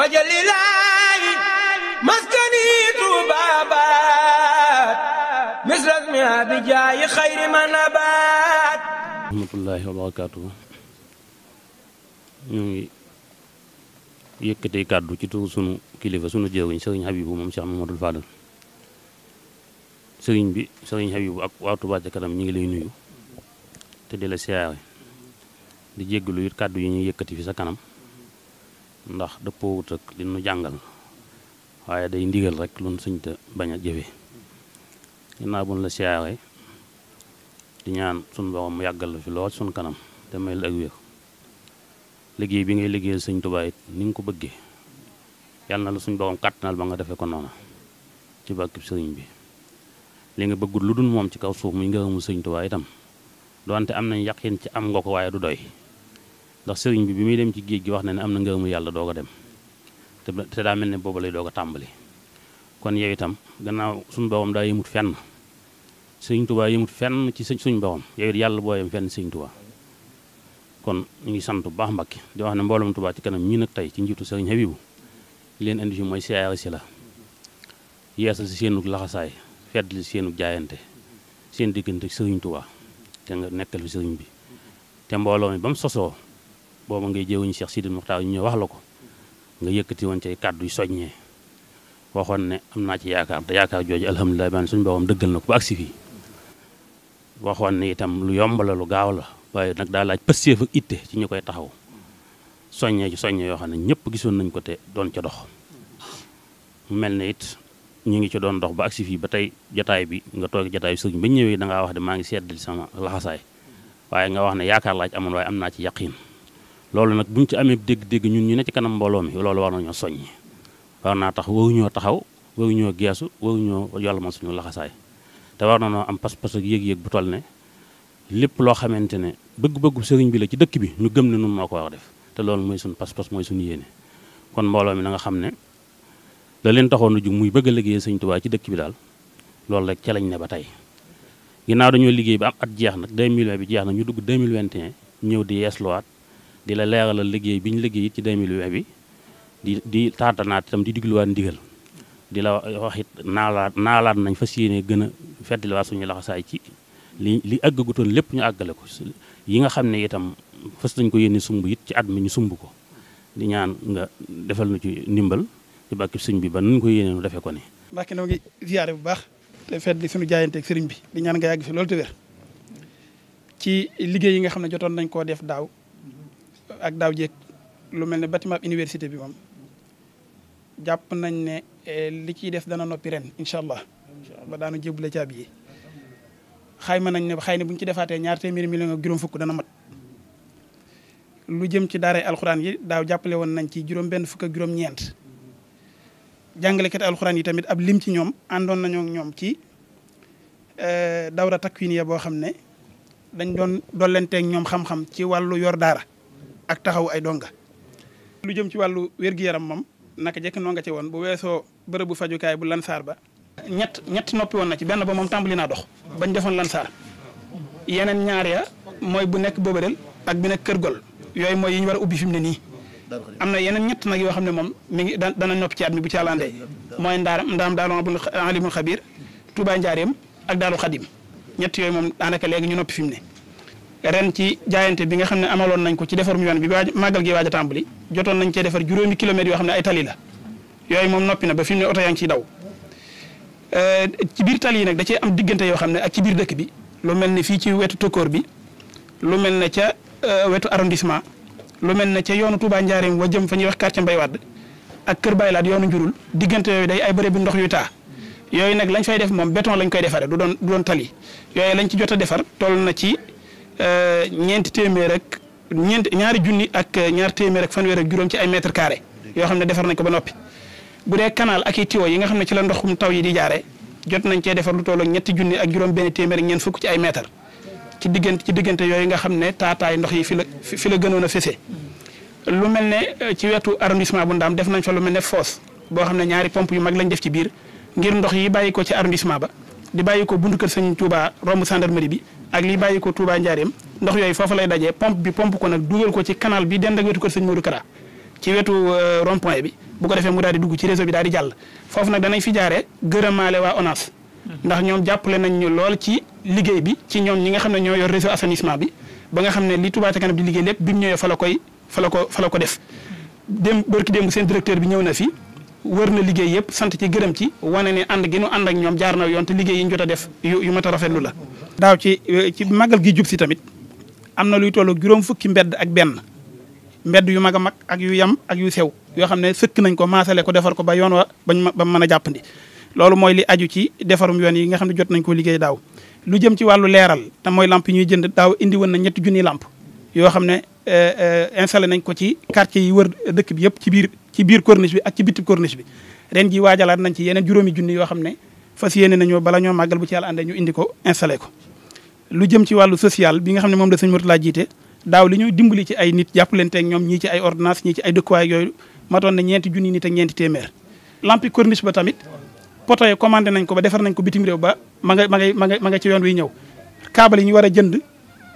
wajalilaayi maskani tubaabaat misrasmi abijaayi xayri manabaat rahmatullaahi wa barakaatu ñu ngi yëkkatee kàddu ci tur sunu kilifa sunu jëwriñ sëriñ Habibu moom Cheikh Mamadou Fadal sëriñ bi sëriñ Habibu ak waa Touba Ca Kanam ñu ngi lay nuyu te di siyaare di jéggalu it kàddu yi ñuy yëkkati fi sa kanam ndax dëppoowut ak li nu jàngal waaye day ndigal rek lun suñta bañ a jëfe ginnaaw buñ la siyaare di ñaan suñ borom mu yàggal la fi lool suñ kanam te may la ak wér liggéey bi ngay liggéeyal sëñ Tuubaa ni nga ko bëggee yàlla na la suñ borom kàttanal ba nga defee ko noona ci bàkkib sëriñ bi li nga bëggul lu dul moom ci kaw suuf muy ngërëmu sëñ Tuubaa itam doonte am nañ yaqin ci am nga ko waaye du doy ndax sëriñ bi bi muy dem ci géej gi wax na ne am na ngërëmu yàlla doo ko dem te te daa mel ne booba lay doo ko tàmbali kon yow itam gannaaw suñ borom daa yëmut fenn sëriñ Tuubaa yëmut fenn ci suñu borom yow it yàlla boo yem fenn sëriñ Tuubaa kon ñu ngi sant bu baax Mbàkke di wax ne mbooloom Tuubaa ci kanam ñii nag tey ci njiitu sëriñ Habibu li leen indi fi mooy siyaare si la yeesal si seenug laxasaay feddli si seenug jaayante seen diggante sëriñ Tuubaa te nga nekkal sëriñ bi te mbooloo mi ba sosoo booba ngay jëwuñu Cheikh Sidi Muxtaar ñu wax la ko nga yëkkati woon cay kàddu yu soññee waxoon ne am naa ci yaakaar te yaakaar jooju alhamdulilah man suñu boppam dëggal na ko ba waxoon ne itam lu yomb lu gaaw la waaye nag daa laaj pësteef ak ci ñu koy taxaw soññee ci soññee yoo xam ne ñëpp gisoon nañ ko te doon ca dox mu mel ne it ñu ngi ci doon dox ba fii ba tey jataay bi nga toog jataay bi sëriñ ba ñëwee da ngaa wax de maa ngi seddali sama laxasaay waaye nga wax ne yaakaar laa amoon waaye am naa ci yaqiin loolu nag bu buñ ci amee dégg-dégg ñun ñu ne ci kanam mbooloo mi loolu war nañoo soññ war naa tax wawuñoo taxaw wawuñoo geesu wawuñoo yàlla ma suñu laxasaay te war na noo am pas-pas ak yéeg-yéeg bu toll ne lépp loo xamante ne bëgg-bëggu sëriñ bi la ci dëkk bi ñu gëm ne nun moo ko wax def te loolu mooy suñu pas-pas mooy suñu yéene kon mbooloo mi na nga xam ne la leen taxoon a jug muy bëgg a liggéey sëñ Tuubaa ci dëkk bi daal loolu rek ca lañ ne ba tey ginnaaw dañoo liggéey ba am jeex nag 2020 bi jeex na ñu dugg 2021 ñëw di yeesluwaat di la leeralal liggéey bi ñu liggéey it ci 2020 bi di di taatanaat itam di digluwaat ndigal di la wax it naalaat naalaat nañ fas yéene gën a feddaliwaat suñu laxasaay ci li li àggagutoon lépp ñu àggale ko yi nga xam ne itam fas nañ ko yéene sumb it ci at mi ñu sumb ko di ñaan nga defal nu ci ndimbal ci bàkki sëñ bi ba ñu ko yéene nu defee ko ne Mbàkke noo ngi ziyaare bu baax te fedd li suñu jaayanteeg sëriñ bi di ñaan nga yàgg fi te ci liggéey yi nga xam ne jotoon nañ koo def daaw ak daaw jek lu mel ne bâtiment université bi moom jàpp nañ ne eh, li ciy def dana noppi ren incha allah ba daanu jébbale caabi yi xayma nañ ne xëy na bu ñu ci defaatee ñaar téeméeri million ak juróom fukk dana mat lu jëm ci daaray alxuraan yi daaw jàppale woon nañ ci juróom benn fukk ak juróom ñeent jàngalekat alxuraan yi tamit ab lim ci ñoom àndoon nañoo ñoom ci eh, dawra takwiniya boo xam ne dañ doon dollanteeg ñoom xam-xam ci wàllu yor daara ak taxaw ay donga lu jëm ci wàllu wér yaram moom naka jekk noo nga ci woon bu weesoo bërëbu fajukaay bu lansaar ba ñett ñett noppi woon na ci benn ba moom tàmbali naa dox bañ defoon lansaar yeneen ñaar ya mooy bu nekk boobareel ak bi nekk kër gol yooyu mooy yi ñu war ubbi fi mu ne nii am na yeneen ñett nag yoo xam ne moom mi ngi dana nopp ci at mi bu ci àllandee mooy ndaar ndaam daalu alimul xabiir Touba Njaareem ak daalu xadim ñett yooyu moom daanaka léegi ñu noppi fi mu ne ren ci jaayante bi nga xam ne amaloon nañ ko ci defar mu yoon bi waaj màggal gi waaj a tàmbali jotoon nañ cee defar juróomi kilomètres yoo xam ay tali yooyu moom noppi na ba fi mu ne oto yaa ngi daw euh, ci biir tali yi nag da cee am diggante yoo xam ne ak ci biir dëkk bi lu mel ne fii ci wetu tokkoor bi lu mel ne ca euh, wetu arrondissement lu mel ne ca yoonu Touba Njaareem wa jëm fa ñuy wax quartier Mbay Wadd ak Kër Baylaat yoonu njurul diggante yooyu day ay bëre bi ndox yuy taa yooyu nag lañ fay def moom béton lañ koy defaree du doon du tali yooyu lañ ci jot a defar toll na ci Euh, ñeenti téeméer rek ñeent ñaari junni ak euh, ñaari téeméer ak fanweer ak juróom ci ay mètre carré yoo xam ne defar nañ ko ba noppi bu dee canal ak i tuyaux yi nga xam ne ci la ndoxum taw yi di jaare jot nañ cee defar lu toll ak ñetti junni ak juróom benn téeméer ak ñeent ci ay mètre ci ci diggante yooyu nga xam ne taataay ndox yi fi la fi la gënoon a fese lu mel ne euh, ci wetu arrondissement bu ndam def nañ fa lu mel ne foos boo xam ne ñaari pompe yu mag lañ def ci biir ngir ndox yi bàyyi ko ci arrondissement ba di bàyyi ko buntu kër sëñ Touba romb gendarmerie bi ak li bàyyi ko Touba Njaareem ndox yooyu foofu lay dajee pompe bi pomp ko nag dugal ko ci canal bi dend ak wetu kër sëñ Modou Kara ci wetu euh, rond point bi bu ko defee mu daal di dugg ci réseau bi daal di jàll foofu nag danañ fi jaaree gërëmaale waa ONAS ndax ñoom jàppale nañ ñu lool ci liggéey bi ci ñoom ñi nga xam ne ñoo yor réseau assainissement bi ba nga xam ne li Touba ca kanam di liggéey lépp bi mu ñëwee fa la koy fa la ko fa la ko def dem bërki démb seen directeur bi ñëw na fi wër na liggéey yëpp sant ci gërëm ci wane ne ànd gi nu ànd ak ñoom jaar na yoon te liggéey yi ñu jot a def yu yu mat a rafetlu la. daaw ci euh, ci màggal gi jub si tamit am na luy tollu juróom fukki mbedd ak benn mbedd yu mag a mag ak yu yam ak yu sew yoo xam ne sëkk nañ ko maasale ko defar ko ba yoon wa bañ ba mën a jàppandi. loolu mooy li aju ci defarum yoon yi nga xam ne jot nañ ko liggéey daaw lu jëm ci wàllu leeral te mooy lamp yi ñuy jënd daaw indi na ñetti junniy lamp yoo xam ne euh, euh, installé nañ ko ci quartier yi wër dëkk yëpp ci biir ci biir corniche bi ak ci bitti corniche bi ren ji waajalaat nañ ci yeneen juróomi junni yoo xam ne fas yéene nañoo bala ñoo màggal bu ci yàlla àndee ñu indi ko installé ko lu jëm ci wàllu social bi nga xam ne moom la sëñ Mourtala jiite daaw li ñuy dimbali ci ay nit jàppalante ak ñoom ñii ci ay ordonnance ñii ci ay dëkkuwaay yooyu matoon na ñeenti junni nit ak ñeenti téeméer lampi corniche ba tamit poto yi commandé nañ ko ba defar nañ ko bitim réew ba ma nga ma nga ma nga ci yoon wi ñëw câble yi ñu war jënd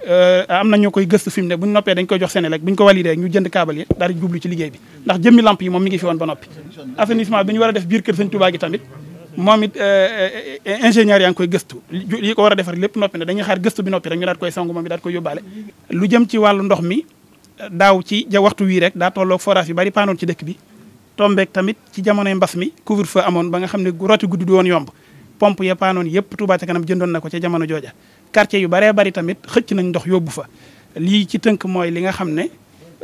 Euh, am na ñoo koy gëstu fi mu ne bu ñu noppee dañ koy jox Senelec bu ñu ko validé ñu jënd kaabal yi daal jublu ci liggéey bi ndax jëmmi lamp yi moom mi ngi fi woon ba noppi assainissement bi ñu a def biir kër Sëñ Touba tamit moom it euh, euh, ingénieur yaa ngi koy gëstu yi ko war a defar lépp noppi ne dañuy xaar gëstu bi noppi rek ñu daat koy sangu moom it daat koy yóbbaale lu jëm ci wàllu ndox mi daaw ci ja waxtu wii rek daa tolloog forage yu bari paanoon ci dëkk bi tombeek tamit ci jamonoy mbas mi couvre amoon ba nga xam ne roti guddi du woon yomb pompe ya paanoon yëpp Touba ca kanam na ko ca jamono jooja quartier yu baree bari tamit xëcc nañ ndox yóbbu fa lii ci tënk mooy li nga xam ne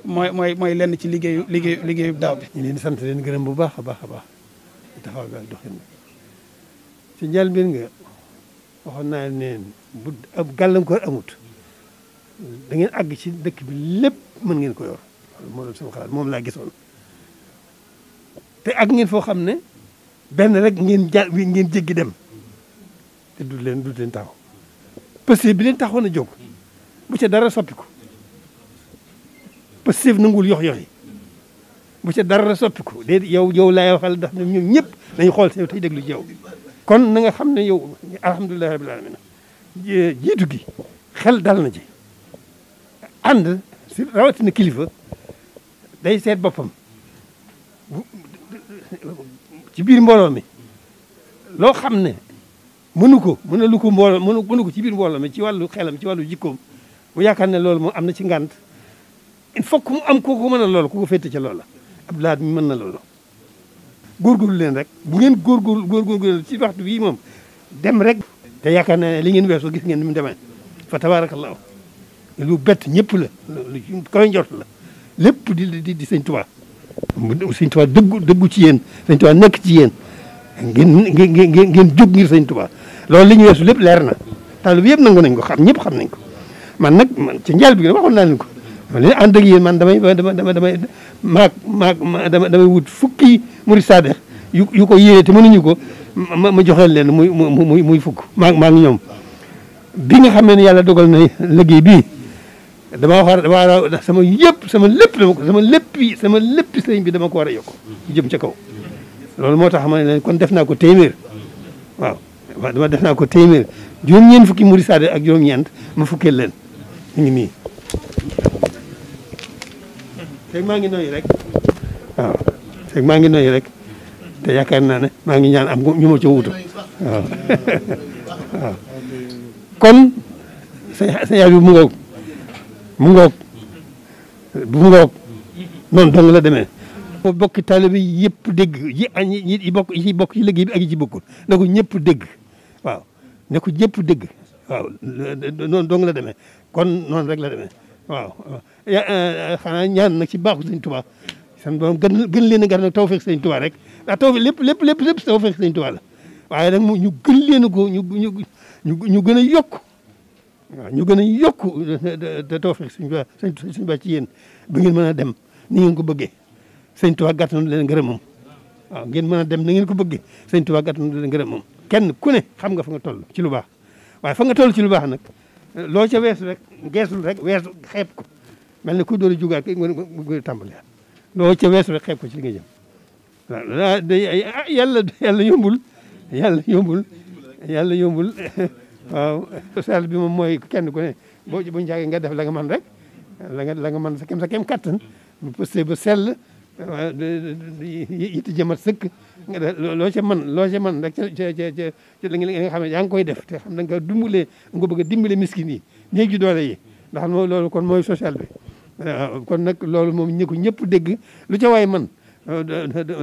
mooy mooy lenn ci liggéeyu liggéeyu liggéeyu daaw bi. ñu leen di sant leen gërëm bu baax a baax a baax taxaw bi ak doxin ci njëlbéen nga waxoon naa leen bu ab gàllankoor amut da ngeen àgg ci dëkk bi lépp mën ngeen ko yor moo xalaat moom laa gisoon te ak ngeen foo xam ne benn rek ngeen ja ngeen jéggi dem te du leen du taxaw. Pastef bi leen taxoon a jóg bu ca dara soppiku Pastef nanguwul yox yox yi bu ca dara soppiku déet yow yow laay waxal ndax ñoom ñëpp dañu xool sew tey déglu ci yow kon na nga xam ne yow alhamdulilahi rabbil alamin jiitu gi xel dal na ci ànd si rawatina kilifa day seet boppam ci biir mbooloo mi loo xam ne mënu ko mënalu ko mbooloo mënu ko ci biir mbooloo mi ci wàllu xelam ci wàllu jikkoom mu yaakaar ne loolu moom am na ci ngant il fok que mu am kooku mën a lool ku ko féete ca loola Abdou Lahad mi mën na loolu góorgóorlu leen rek bu ngeen góorgóorlu góorgóorlu leen ci waxtu bii moom dem rek te yaakaar na ne li ngeen weesoo gis ngeen ni mu demee fa tabaarakallaahu lu bett ñëpp la lu koy njort la lépp di di di sëñ Tuubaa sëñ Tuubaa dëggu dëggu ci yéen sëñ Tuubaa nekk ci yéen ngeen ngeen ngeen jóg ngir sëñ Tuubaa loolu li ñu weesu lépp leer na taalib yëpp nangu nañ ko xam ñëpp xam nañ ko man nag man ci njaal bi waxoon naa leen ko léegi ànd ak yéen man damay dama dama damay maag maag dama damay wut fukki murid sadex yu yu ko yéene te ñu ko ma ma joxeel leen muy muy muy fukk maag maag ñoom bi nga xamee ne yàlla dogal na liggéey bii dama war dama war sama yëpp sama lépp dama ko sama léppi sama léppi sëriñ bi dama ko war a yokk jëm ca kaw loolu moo tax ma ne leen kon def naa ko téeméer waaw dama def naa ko téeméer juróom-ñeent fukki murid saade ak juróom-ñeent ma fukkeel leen ñu ngi nii teg maa ngi noy rek waaw maa ngi noyu rek te yaakaar naa ne maa ngi ñaan am ñu ma ca wutu kon sa yaay bi mu ngook mu ngoog bu ngoog noonu dong la demee ba bokki taalibe yi yëpp dégg yi yi bokk yi bokk ci liggéey bi ak yi ci bokkul na ko ñëpp dégg waaw ne ko ñëpp dégg waaw noonu dong la demee kon noonu rek la demee waaw eh, eh, xanaa ñaan nag ci baaxu sëñ Tuubaa seen borom gën gën leen a gar nag tawfeex sëñ Tuubaa rek ndax tawfeex lépp lépp lépp lépp tawfeex sëñ Tuubaa la waaye nag mu ñu gën leen ko ñu ñu ñu gën a yokk waaw ñu gën a yokk te eh, tawfeex sëñ Tuubaa sëñ Tuubaa ci yéen ba ngeen mën a dem ni ngeen ko bëggee sëñ Tuubaa gàttanu leen ngërëmam waaw ngeen mën dem na ngeen ko bëggee sëñ Tuubaa gàttanu leen ngërëmam kenn ku ne xam nga fa nga toll ci lu baax waaye fa nga toll ci lu baax nag loo ca weesu rek geesul rek weesu xeeb ko mel ni ku doon jugaat ki nga tàmbali loo ca weesu rek xeeb ko ci li nga ah, yàlla yàlla yombul yàlla yombul yàlla yombul waaw bi moom mooy kenn ku ne boo buñu jaagee nga def la nga man rek la nga la nga mën sa kem sa kem kattan bu pëstee it jëmat sëkk loo ca man loo ca man rek ca ca ca ca li nga xam ngi koy def te xam da nga dimbalee nga bëgg a dimbale miskin yi néeg ju doole yi ndax moo loolu kon mooy social bi kon nag loolu moom ñi ñëpp dégg lu ca waay man euh,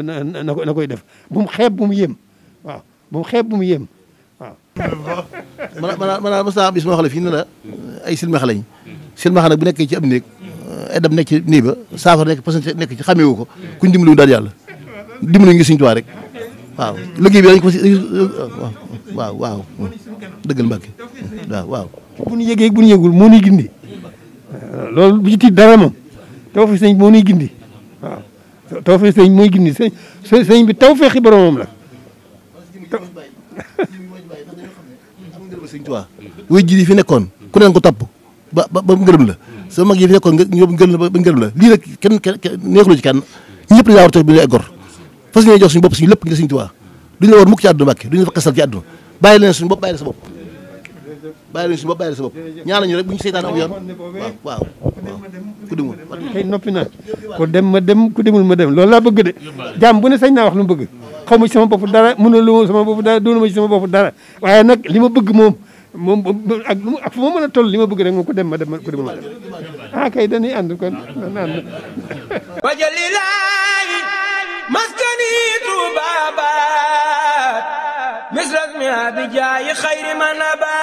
na koy def bu mu xeeb bu mu yéem waaw bu mu xeeb bu mu yéem waaw mana mana mana mas naa bis moo fii ne la ay silmaxa lañ silmaxa nag bu nekkee ci am néeg edam nekk ci nii ba saafara nekk parce que nekk ci xamewu ko kuñ dimbali wu daal yàlla dimbali ngi Sëriñ Tuubaa rek waaw liggéey bi ko waaw waaw dëggal Mbàkke waaw waaw bu ñu yëgee bu ñu yëgul moo ñuy gindi loolu bu ci tiit dara moom tawfeex sëñ moo ñuy gindi waaw tawfeex sëñ mooy gindi sëñ sëñ bi tawfeexi boromam jiri fi nekkoon ku neen ko topp ba ba ngërëm la sa mag yi fi nekkoon ñoom gën la ba ngërëm la lii rek kenn kenn neexlu ci kenn ñëpp dañaa war toog bi ñu ay gor fas ñuy jox suñu bopp suñu lépp ngir suñu Tuubaa duñu la war mukk ci àdduna Mbàkke duñu la fa xasal ci àdduna bàyyi leen suñu bopp bàyyi leen sa bopp bàyyi leen suñu bopp bàyyi leen sa bopp ñaan nañu rek bu ñu seytaan am yoon waaw waaw ku demul tey noppi naa ku dem ma dem ku demul ma dem loolu laa bëgg de jàmm bu ne sañ naa wax lu mu bëgg xaw ma ci sama bopp dara mënul lu sama bopp dara doonu ma ci sama bopp dara waaye nag li ma bëgg moom moom ak lu fu ma mën a li ma bëgg rek moom ko dem ma dem ko dem ma dem ah kay dañuy ànd kon dañuy ànd wajalilaayi maskani tuuba baat misras mi abijaayi xayri man